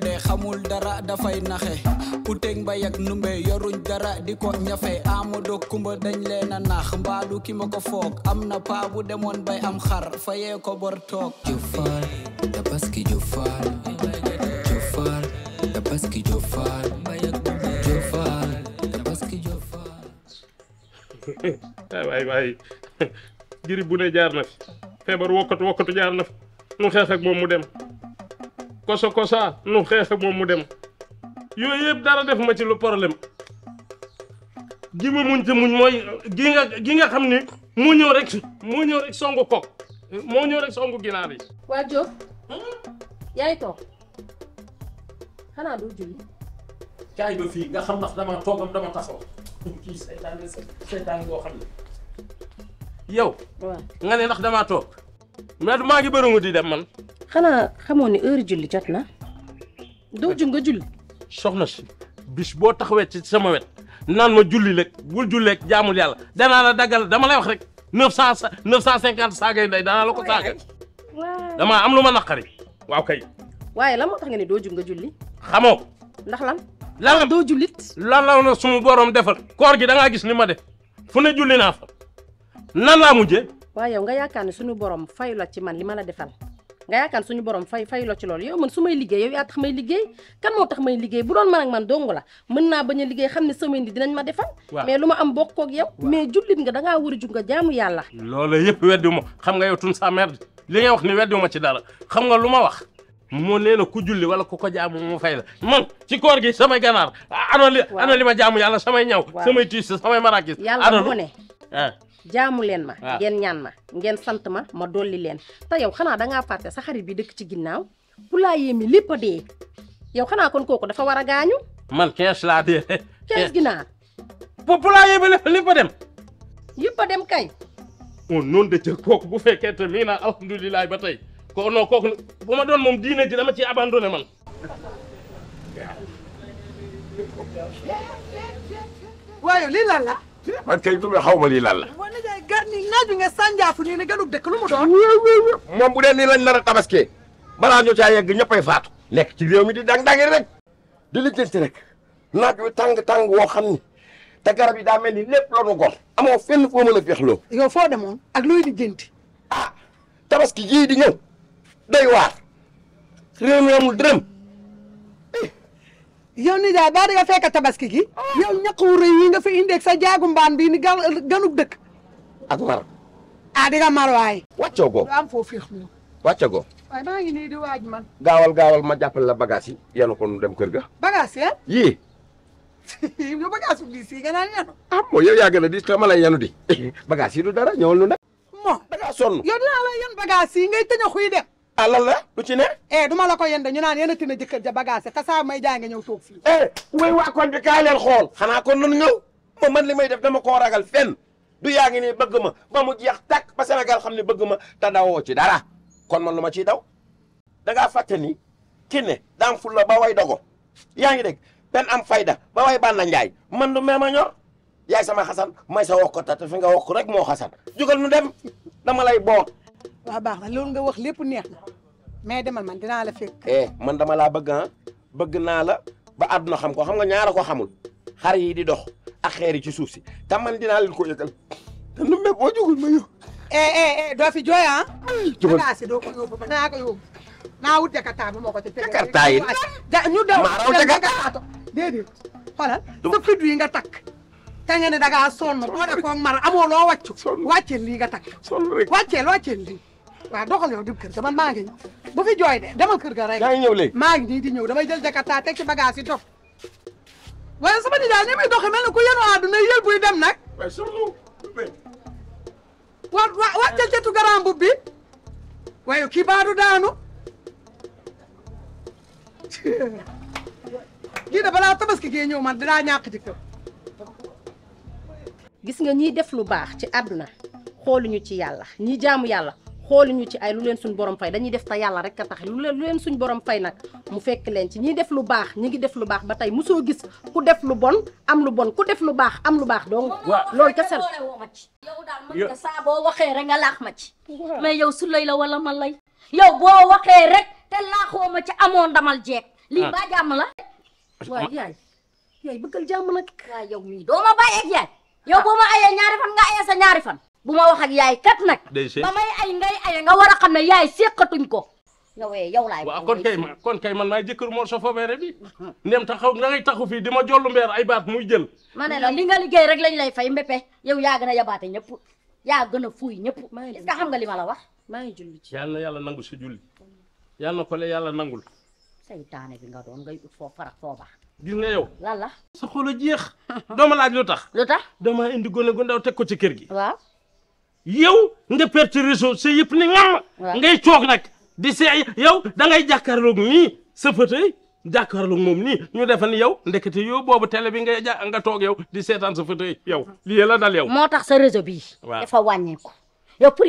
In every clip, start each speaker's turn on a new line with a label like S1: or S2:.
S1: de xamul dara dafay naxe uteg mbay ak numbe yoruñ dara di ko ñafe Amadou Kumba dañ leen a naax mbaalu ki ma ko foog am na paa bu demoon bay am xar fayee ko bor toog Jofaal Tabaski Jofaal
S2: Jofaal Tabaski Jofaal Jofaal Tabaski Jofaal waay waay jëri bu ne jaar na fi feebar wokkatu wokkatu jaar na fi nu xeex ak moom mu dem koso kosa nu xex mo mu dem yooyu yëpp dara def ma ci lu problème gi ma muñ te muñ moy gi nga gi nga xamni mo ñew rek mo ñew rek songu kok mo ñew rek songu ginaar yi.
S3: waa hmm? yaay to
S2: xana do julli. kay ba fi nga xam nak dama toogam dama taxaw. ki setan seytaan boo yow. nga ne nak dama tok mais maa ngi di dem man.
S3: xanaa xamoo ni heure julli jot na
S2: doo jug nga julli. soxna si bis boo taxawee ci sama wet naan ma julli rek bul julli rek jaamul yàlla danaa la daggal dama lay wax rek neuf cent sa neuf cent cinquante saaga yi ndey danaa la ko saaga. damaa am lu ma naqari. waaw kay.
S3: waaye lan moo tax nga ne doo jug nga
S2: julli. xamoo ko. ndax lan. doo jullit. lan la na sumu borom defal. koor gi da gis li ma def fu ne julli naa nan laa mujjee.
S3: waaw yow nga yaakaar ne sunu borom fay la ci man li ma la defal. nga yaakaar suñu borom fay fay lo ci loolu yow man su may liggéey yow yaa tax may liggéey kan moo tax may liggéey bu doon man man dongu la mën naa bañ a liggéey xam ne sama indi dinañ ma defal mais lu ma am bokkoo ak yow mais jullit nga dangaa war a jug nga jaamu yàlla
S2: loola yëpp weddi ma xam nga yow tun sa merde ma ci dara xam nga lu ma wax moo nee na ku julli wala ku ko jaamu mu fay la man ci koor gi samay ganaar ah, ana li ana li ma jaamu yàlla samay ñaw samay tiis samay marakis yàlla mu ne eh.
S3: jaamu leen ma ngeen ñaan ma ngeen sant ma ma dolli leen te yow xanaa dangaa fàtte sa xarit bi dëkk ci ginnaaw poulailler mi lépp a dee yow xanaa kon kooku dafa war a gaañu
S2: man quinze laa dee quinze ginaar poulailler bi lépp dem yëpp a dem kay oh, on noonu de ca kooku bu fekkee te mii naa ba tey ko non kooku bu ma doon moom diine ji dama ci abandonné man man kay tur bi xaw ma lii lan la. waaw
S1: nijaay gar ni naaj bi nga sànjaafu nii ne gënu dëkk lu mu doon.
S2: moom bu dee nii lañ nar a tabaskee balaa ñu caa yegg ñëppay faatu. nekk ci réew mi di dang-dangi rek. di lijjanti rek naaj wi tàng-tàng woo xam ni te garab
S1: yi daa mel ni lépp la nu gor. amoo fenn foo mën a féexloo. yow foo demoon ak looy lijjanti. ah tabaski jii di ñëw day waar réew mi amul dërëm. yow ni da ba nga fekk tabaski gi yow ñaq wu rëy yi nga fi indi sa jaagu mbaan bi ni ganu dekk ak war a diga mar ah, way wàccoo go am fo féex lu wàcce go way ma ngi ni di waj man
S2: gawal gawal ma jappal la bagage yi yanu ko dem keur ga bagage ya yi
S1: ñu bagage bi si nga naan am ah,
S2: mo yow ya gëna di te lay di bagage yi du dara ñëwal nu nak mo da nga sonn yow
S1: dina la yen bagage yi ngay xuy dem alal la lu ci ne. eh du ma la ko yende ñu naan yéen a tina jëkkër ja bagage te saa may jaay nga ñëw toog fii.
S2: eh way waa koñ bi xool. xanaa kon nun ñëw ma man li may def dama koo ragal fenn du yaa ngi nii bëgg ma ba mu jeex tàkk ba senegal xam ne bëgg ma te dawoo ci dara kon ma lu ma ciy daw da ngaa fàtte ni ki ne la ba way dogo yaa ngi dégg am fayda ba way bànna njaay man du meema ñor yaay sama xasan may sa wokkata te fi nga wokk rek moo xasan jugal nu dem dama lay boot.
S1: waaw baax na loolu nga wax lépp neex na mais demal man dinaa la fekk.
S2: Eh, man dama laa bëgg ah naa la ba àdduna xam ko xam nga ñaara ko xamul xar yi di dox ak xeer ci suuf si te man dinaa leen ko yëgal te nu mu
S1: boo jugul ma yóbbu. Eh, eh, doo fi jooy ah. jubal bagaas yi doo ko yóbbu naa ko yóbbu naa wut jakarta bi moo ko yi nga takk. te nga ne da ngaa sonn boo de ko mar amoo loo wàccu. sonn lii nga takk. sonn rek wàcceel wàcceel lii waaw doxal yow dib kër te man maa ngi bu fi joy de demal keur ga rek. yaa ngi ñëw ngi di ñew damay jël jakarta tek ci bagage yi toog way sama nijaay ni muy doxé mel ku yenu aduna yel buy dem nak waaye soxna wa wa wa jël jëtu garam bu bi waaye ki baadu daanu. gi da bala tabaski ge ñew man dina ñak ci kër.
S3: gis nga ñi def lu baax ci àdduna xooluñu ci yalla ñi jaamu yalla xooluñu ci ay lu leen suñ borom fay dañuy def ta yàlla rek ka tax lu leen suñ borom fay nag mu fekk leen ci ñi def lu baax ñi ngi def lu baax ba tey musoo gis ku def lu bon am lu bon ku def lu baax am lu baax
S4: donc loolu kese yow daal mën nga saa boo waxee rek nga laax ma ci mais yow su lay la wala ma lay yow boo waxee rek te laaxoo ma ci amoo ndamal jeeg lii ah. baa jàmm la waaw yaay yaay bëggal jàmm nag waaw yow mii doo ma bàyyeeg yaay fan nga ayee sa ñaari fan bu ma wax ak yaay kat nag. ba may ay ngay ay nga war a xam ne yaay seqatuñ ko. yow eh yaw laay waaw kon kay
S2: kon kay man maay jëkkër Mor Sow foofee rek bi. ndem taxaw da ngay ma jollu mbeer ay baat muy jël.
S4: ma ne la li nga liggéey rek lañ lay fay mbépe yow yaa a yabaate ñëpp yaa gën a fuuy ñëpp. est-ce xam nga li ma la wax. maa ngi julli
S2: ci yàlla na yàlla nangu sa julli yàlla na ko le yàlla nangul.
S4: saytaane bi nga doon ngay ut foo farak foo baax. gis nga yow. lan la. sa xol a jeex.
S2: doo ma laaj lu tax. lu tax dama indi gone gu ndaw teg ko ci kër gi. waaw yow nga perte réseau sa yëpp ni ngam ngay coog nag di see yow da ngay jàkkaarloog ni sa fauteuil jàkkaarloog moom nii ñu defa ni yow ndekete yow boobu télé bi ngay ja nga toog yow di seetaan sa fauteuil yow lii la dal yow. moo tax sa réseau bi waaw dafa
S4: wàññeeku yow pour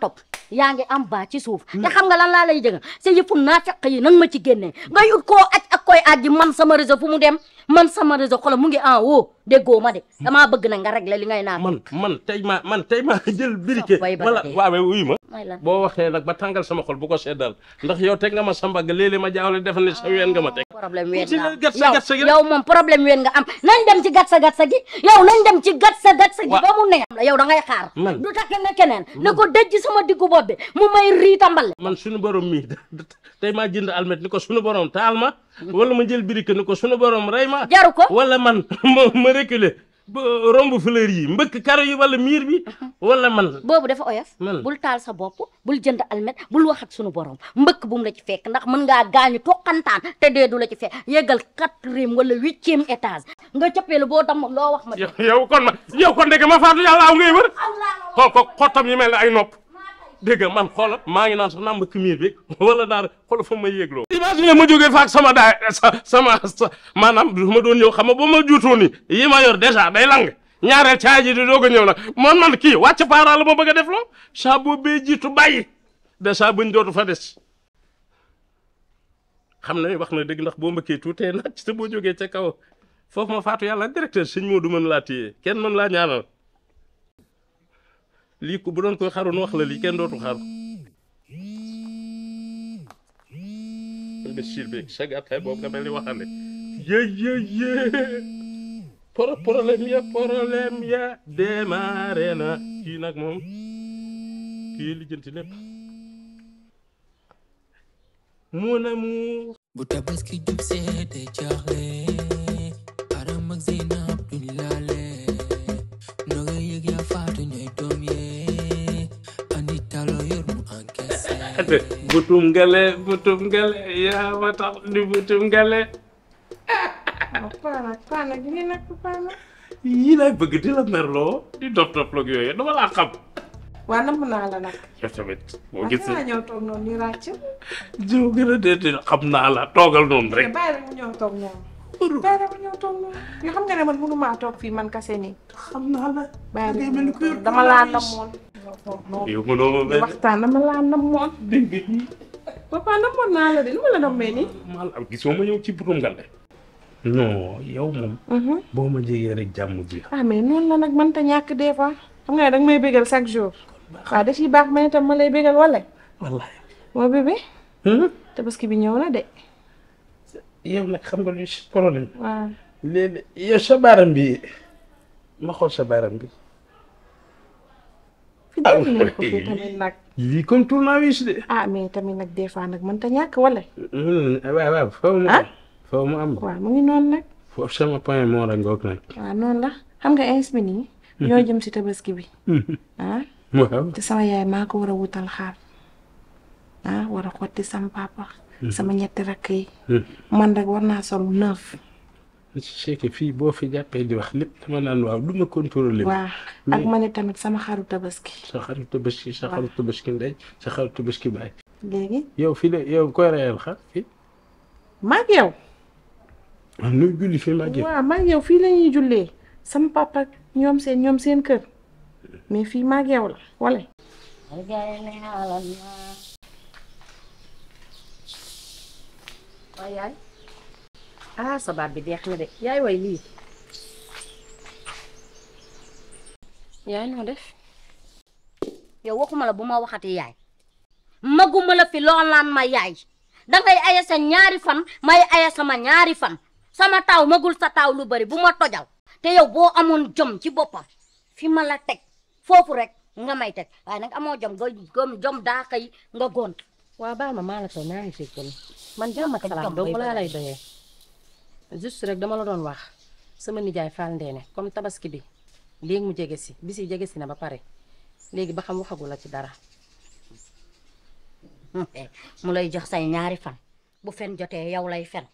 S4: top. yaa ngi am baa ci suuf hmm. te xam nga lan laa lay jëga sa yëfu naafeq yi nan ma ci génnee ngay ut koo a ak koy aj ji man sama réseau fu mu dem man sama réseau xola mu ngi en haut déggoo ma de damaa bëgg na nga régler li ngay naa man
S2: man ma man tey ma jël briquet wala waawe wuyu ma boo waxee nag la tàngal sama xol bu ko seddal ndax yow teg nga ma sa mbagg léeg ma jaawle def ne sa ween nga ma teg
S4: problème ween nga am yow moom problème ween nga am nañ dem ci gatsa gatsa gi yow nañ dem ci gatsa gatsa gi ba mu neex la yow da ngay xaar du takk nga keneen ne ko dëj sama diggu bopp bi mu may riitambal
S2: man suñu borom mi tey maa jënd almet ni ko suñu borom taal ma wala ma jël birike ni ko suñu borom rey ma jaru ko man ma reculer romb fleur yi mbëkk karo yi wala miir bi uh-huh. wala man
S4: boobu dafa oyof bul taar sa bopp bul jënd almet bul wax ak sunu borom mbëkk bum mu ci fekk ndax mën ngaa gaañu toqantaan te dee du la ci fekk yeggal quatrième wala huitième étage nga coppeelu boo dam loo wax ma
S2: yow kon ma yow kon dégg ma faatu yàlla aw ngay wër ko ko xottam yi mel ay nopp dégg nga man xoolal maa ngi naan sax naa mbëkk miir bi wala daal xoolal fa ma yéegloo imagine ma jógee faak sama daay sama maanaam ma doon ñëw xam nga ba ma juutoo ni yi ma yor dèjà day lang ñaareel caay ji di doog a ñëw nag man man kii wàcc paara la ma bëgg a def loo saa boo bee jiitu bàyyi dèjà buñ dootu fa des na ne wax na dëgg ndax boo mbëkkee tuutee naaj te boo jógee ca kaw foofu ma faatu yàlla directeur sëñ moo du mën laa téye kenn mën laa ñaanal lii ko bu doon koy xaroon wax la lii kenn dootu xaru Bachir beeg chaque après boobu nga mel ni waxale yéy yéy yéy pro problème ya problème ya démarré na kii nag moom kii lijjanti lépp mon amour bu tabaski ate butum gale, butum gale, ya mata di butum gale.
S5: Apa anak anak gini anak anak.
S2: Iya, begede lah merlo, di dop dop lo gitu ya, nomor akap.
S5: Wana nak.
S2: Ya sabit, mau gitu. Aku hanya untuk noni Juga ada di akap nala, togal non rek.
S5: bayar punya untuk Bayar punya untuk nyam. Ya, ya kan gak ada man munu ma tok fi man Bayar. Dama yow mënoo ma waxtaan dama laa namoon dégg nga ji. papa namoon naa la de nu ma la namee nii. maa la
S2: gisoo ma yow ci butum nga de. non yow moom. Mhm. boo ma jegee rek jàmm ji.
S5: ah mais noonu la nag man ta ñàkk des fois xam nga may bégal chaque jour. waaw ah, daf yi baax ma lay hmm? tabaski bi ñëw na de.
S2: xam nga lu si problème. waaw sa baaram ma xool sa baaram fi dégg nga fi tamit nag. lii comme tournevis
S5: de. ah mais tamit nag des fois nag mënta ñàkk wala.
S2: Eh, waaw waaw foofu mu am. Ah? foofu mu ngi noon nag. foofu sama point moo la ngoog nag.
S5: waaw ah, noonu la xam nga instant nii. Mhm. ñoo jëm si tabaski bi. Mhm. ah. sama yaay maa ko war a wutal xaar ah, war a xotti sama papa. Mhm. sama ñetti rakk yi. man
S2: rek war naa sol neuf. Cheikh fii boo fi jàppee di wax lépp dama naan waaw du ma contrôler. waaw ak ma ne tamit sama xaru tabaski. sa xaru tabaski sa xaru tabaski ndey sa xaru tabaski léegi. yow fii la yow koy reyal xar fii. maag yow. Ah, julli fii maag yow. waaw
S5: maag fii la jullee sama papa ñoom seen ñoom seen kër mais fii maag yow la wala.
S4: yaay. ah sa bi deex na de yaay way lii yaay noo def yow waxuma la bu ma waxati yaay maguma la fi loolaan ma yaay dangay aye sa ñaari fan may aye sama ñaari fan sama taaw magul sa taaw lu bari bu ma tojal te yow boo amoon jom ci boppam fi ma la teg foofu rek nga may teg waaye nag amoo jom nga jom daa xëy nga gont
S3: waa baal ma maa la tey naa ngi man jàmm ak salaam doo lay doyee juste rek dama la doon wax sama nijaay Fall Ndéné comme tabaski bi leg mu jégué ci bisi jégué ci na ba pare légui ba xam waxagu la ci dara.
S4: mu lay jox say ñaari fan bu fen joté yow lay fen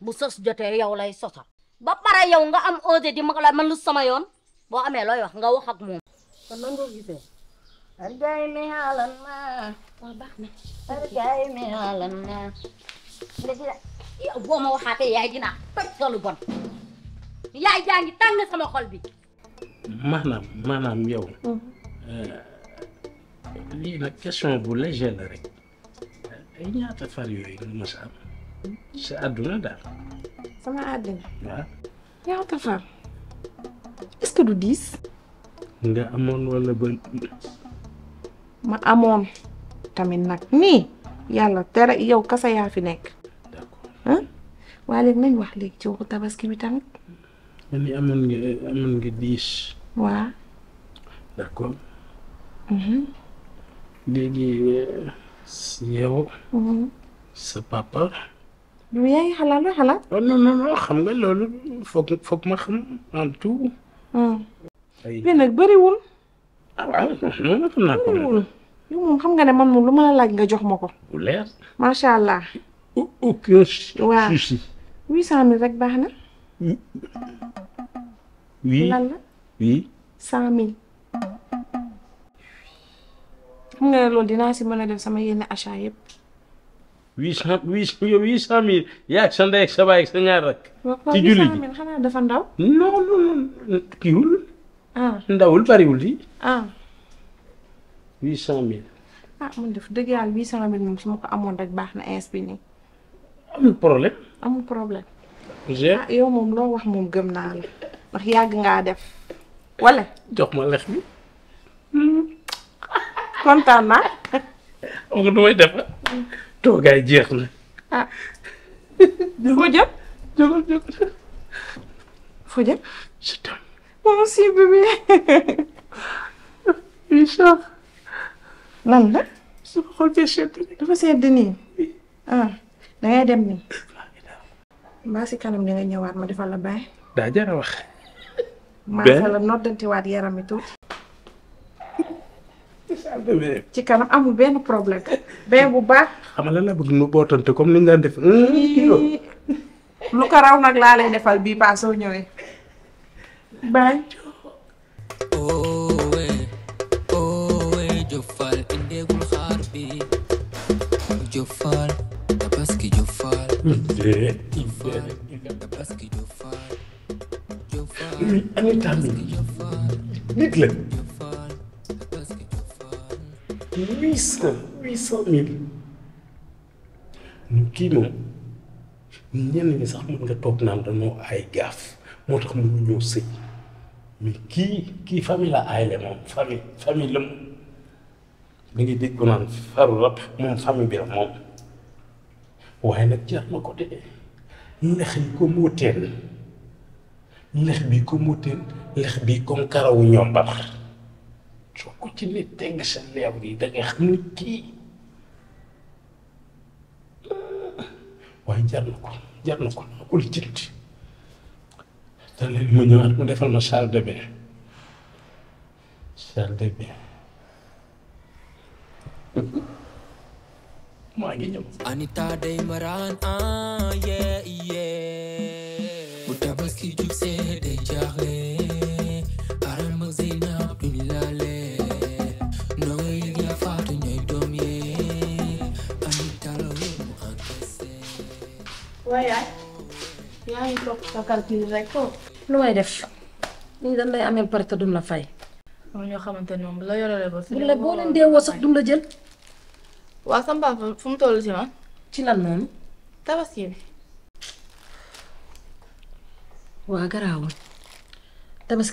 S4: bu sos joté yow lay sosal. ba paré yow nga am osé di mag la man lu sama yoon bo amé loy wax nga wax ak mom kon nan nga gisee. argay mi xaalan naa. waaw baax mi xaalan yow boo ma waxaatee yaay dinaa toj solu sama xol bi
S2: maanaam maanaam yow mm. euh, lii nag question bu léger la rek ay ñaata am sa àdduna daal sama àdduna waaw
S5: ñaata far est diis
S2: nga amoon wala ba
S5: ma amoon tamit nag nii yàlla tere yow kasa yaa fi nekk waa léegi nañ wax léegi ci bi tamit. man ni amoon mhm. euh, mhm. papa. yow oh,
S2: xam nga xam en tout. Mhm. ay bi nag ah, xam
S5: nga ne man moom lu ma laaj nga jox ma ko. bu leer. macha allah.
S2: aucun souci.
S5: waaw. huit cent mille rek baax na. huit lan cent mille. xam nga loolu dinaa si man a def sama yenn achat yëpp.
S2: huit cent huit cent mille yaa sa ndey ak sa baay ak sa ñaar rek.
S5: ci julli ji xanaa dafa ndaw.
S2: non ah. ndawul bariwul di. ah. huit cent mille.
S5: ah man def dëgg yàlla huit cent mille moom su ma ko amoon rek baax na ins bi nii. amul problème. amul problème. Ah, yow moom loo wax moom gëm naa la ndax yàgg ngaa def
S2: wala. jox ma lex bi.
S5: kontaan naa. xam nga nu may def
S2: toogaay jeex na.
S5: ah. foo foo jëm. je t'aime. moi aussi bébé. Richard. lan la. su ma xool sedd. dafa sedd nii. Ah. dangay dem ni mbaa si kanam di nga ñëwaat ma defal la baay
S2: daa jar wax maa defal la
S5: noddantiwaat yaram mi tuuti ci kanam amul benn problème
S2: baay bu baax xamal la la bëgg nu bootante comme ni nga daan def
S5: lu ko raw nag laa lay defal bii paa ñëwee baay
S2: lui an ni qui nous ni huit cent huit cent nous, nous, n'y ñenn ni sax ay mënu mais qui, qui famille la aay le famille famille la Mais il dit qu'on a fait faru rap, famille bi la waaye nag jar na ko de lex yi ko moo lex bi ko moo teen lex bi comme karawu ñombar soo ko ci nit teg sa leew yi da xam ne kii waaye jar na ko jar na ko na ko lijjanti te léegi ma ñëwaat mu defal ma salle de bain salle de bain Anita Anita Daimaran, ah, yeah, yeah. buta juk se de jahle. Aram Zeyna lale No, ya fatu nyoy dom Anita lo mu antese.
S3: Waya. Yaa ngi toog sa calcul rek Lu def? ini dañ lay amel parce que dum la fay. Am ñoo xamantene mom la yorale ba. Bu la bo leen deewoo dum la jël. waa sama papa fu mu toll ci man. ci lan noonu. tabaski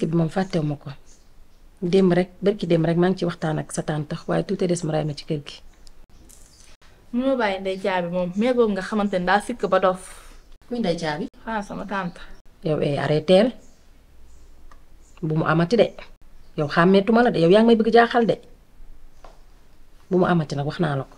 S3: bi. moom fàttewuma ko démb rek barki démb rek maa ngi ci waxtaan ak sa tante waaye tuuti des mu ray ma ci kër gi. mënoo bàyyi ndey caabi moom mais boobu nga xamante ne daa sikk ba dof. kuy ndey caabi. ah sama tante. yow eh arrêté bu mu amati de yow xàmmeetuma la de yow yaa ngi may bëgg jaaxal de bu mu amati nag wax naa la ko.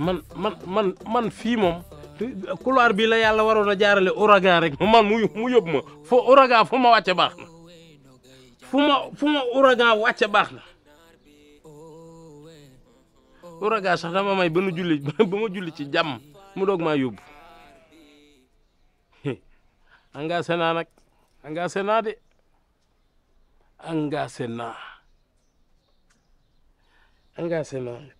S2: man man man man fii moom couloir bi la yàlla waroon a jaarale ouragan rek man mu mu yóbbu ma fo ouragan fu ma wàcce baax na fu ma fu ma ouragan wàcce baax na ouragan sax dama may ba nu julli ci jàmm mu doog maa yóbbu engagé naa nag engagé naa de engagé naa engagé naa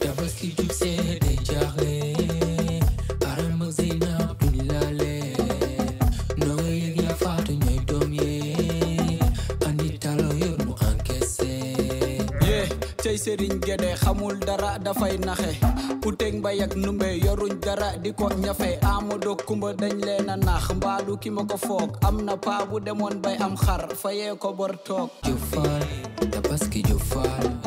S2: tabaski jub seede jaaxle arama zeynab duñ laale ndongo yëg yaa faatu ñooy doom yee andi talo yor mu encaissé
S1: yee tey sëriñ Gédé xamul dara dafay naxe uteg mbay ak numbe yoruñ dara di ko ñafe amado kumba dañ leen a nax mbaadu ki ma foog am na paa bu demoon bay am xar fayee ko bor toog jëfaal tabaski
S4: jëfaal